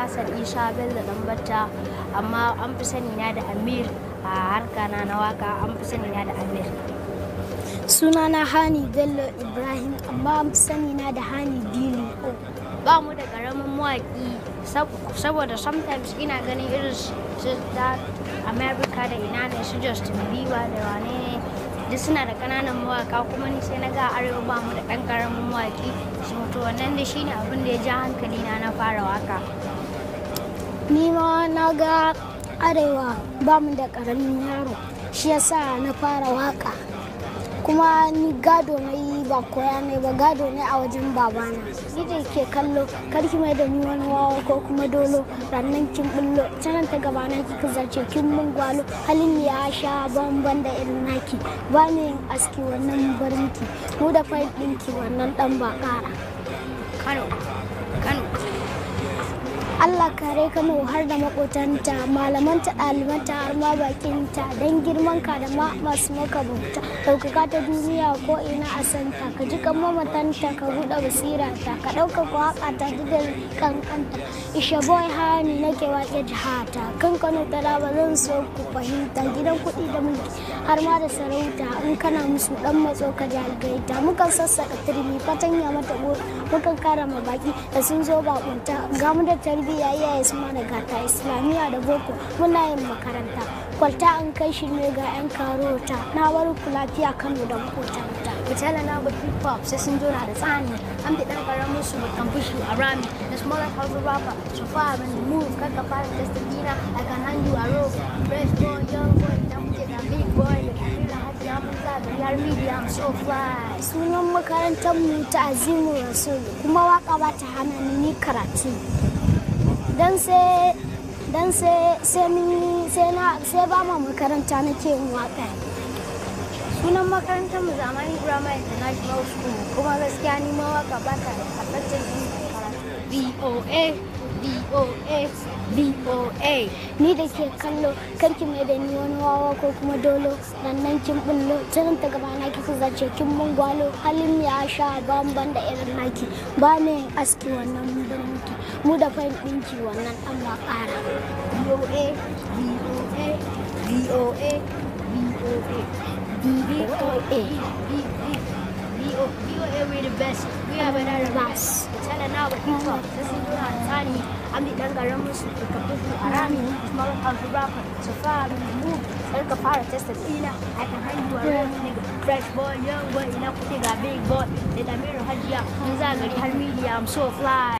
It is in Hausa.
Hassan Isa Bello lambarta amma an fi sani na da Amir a harka na na waka an fi sani na da Amir. suna na Hani Bello Ibrahim amma an fi sani na da Hani Dili. Ba mu da ƙaramin mawaki saboda sometimes ina ganin irin su da America da ina ne su Justin Bieber da wane ne duk suna da kananan mawaka kuma ni sai na ga arewa ba mu da ɗan ƙaramin mawaki su mutu wannan da shine abin da ya ja hankali na na fara waka ni ma na ga arewa ba mu da karamin yaro shi yasa na fara waka kuma ni gado na yi ba koya ne ba gado ne a wajen babana ni da ke kallo karki mai da ni wani wawa ko kuma dolo rannan kin bullo canan ta na kika zace kin mun gwalo halin ya sha bamban da irin naki ba ne aski wannan barinki mu da fai ɗinki wannan ɗan ba ƙara kano kano Allah kare ka mu har da makotanta malamanta ɗalibanta har ma bakinta don girman ka da ma masu maka bauta ɗaukaka ta duniya ko ina a santa ka ji kan mamatanta ka buɗe basira ta ka ɗauka ko haka ta da kankanta ishe boy hani nake wace jihata kan kano tara ba zan so ku fahimta gidan kuɗi da mulki har ma da sarauta in kana musu ɗan matso ka jalgaita mukan sassaƙa turmi tirmi ya mata mukan kara ma baki da sun zo kunta ga mu da tarbiyya iyaye su mana gata islamiyya da boko muna yin makaranta kwalta an kai shi ne ga yan karota na bar ku lafiya kano da makotanta mutala na ba hip hop sai sun zo na da tsani an fi dan karamu su kan fushi a rami da small house rapper so far when the move ka fara testina a kan you a rope fresh boy young boy da muke da big boy biyar millions of sunan makarantar mu ta azimu rasul kuma waka ba ta hana ni karatu Dan sai dan sai sai ba ma makaranta nake yin waka sunan makarantar mu zamani grammar international school kuma gaskiya ni ma waka ba ta ni karatu boa BOA BOA ni da ke kallo kan ki mai da ni wani wawa ko kuma dolo nan kin bullo tsirin ta gaba na zace kin mun gwalo halin ya sha bamban da irin naki ba ne aski wannan mu da muke mu da fain dinki wannan dan ba ƙara BOA BOA BOA BOA BOA BOA we're the best we have another best waɗanda na wakilta da sun tuna tsari an bi ɗan garin musu da kafin a rami kuma an the rafa I'm mu ka fara testa tsina a kan haihuwar rami fresh boy young boy ina kuke ga big boy da damiru hajiya mun zagari i'm so fly